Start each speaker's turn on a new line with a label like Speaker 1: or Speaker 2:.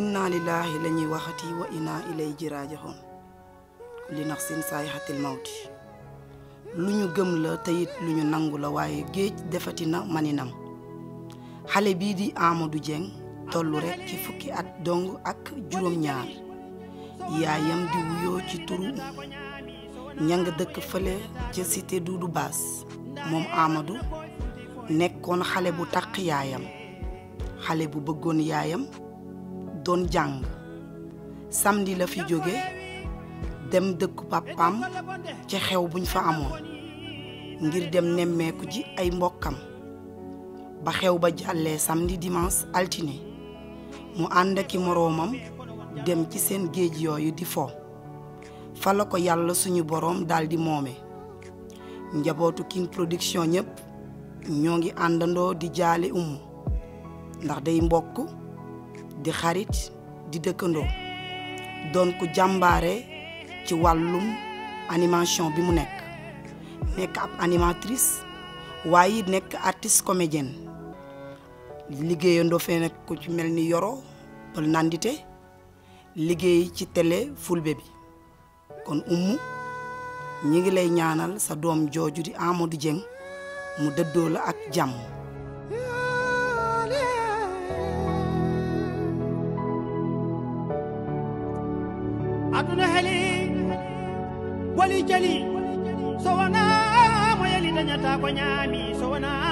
Speaker 1: inna lillahi lañuy ñuy waxati wa inna ilay jiraajaxoon li nax sin saayixatil mawti lu ñu gëm la teyit lu ñu nangu la waaye géej defati na maninam xale bii di amadu Dieng tollu rekk ci fukki at dong ak juróom-ñaar yaayam di wuyoo ci turu ña dëkk fële ca cité Doudou Bass moom Amadou nekkoon xale bu taq yaayam xale bu bëggoon yaayam doon jàng samedi la fi jóge dem dëkku pàppaam ci xew buñ fa amoon ngir dem nemmeeku ji ay mbokkam ba xew ba jàllee samdi dimanche altine mu ànd aki moroomam dem ci seen géej yooyu di fo fa la ko yàlla suñu boroom daldi moome njabootu King Production ñépp ñoo ngi àndandoo di jaale umu ndax day mbokk di xarit di dëkkandoo doon ku jàmbaare ci wàllum animation bi mu nekk nekk ab animatrice waaye it nekk artiste comédienne liggéeyandoo fee nag ku ci mel ni Yoro Peul Nandite liggéey ci télé fulbe bi kon ummu ñi ngi lay ñaanal sa doom jooju di Amadou Dieng mu dëddoo la ak jàmm aduna heli wali jali so wona mo yali dañata ko ñaami so wona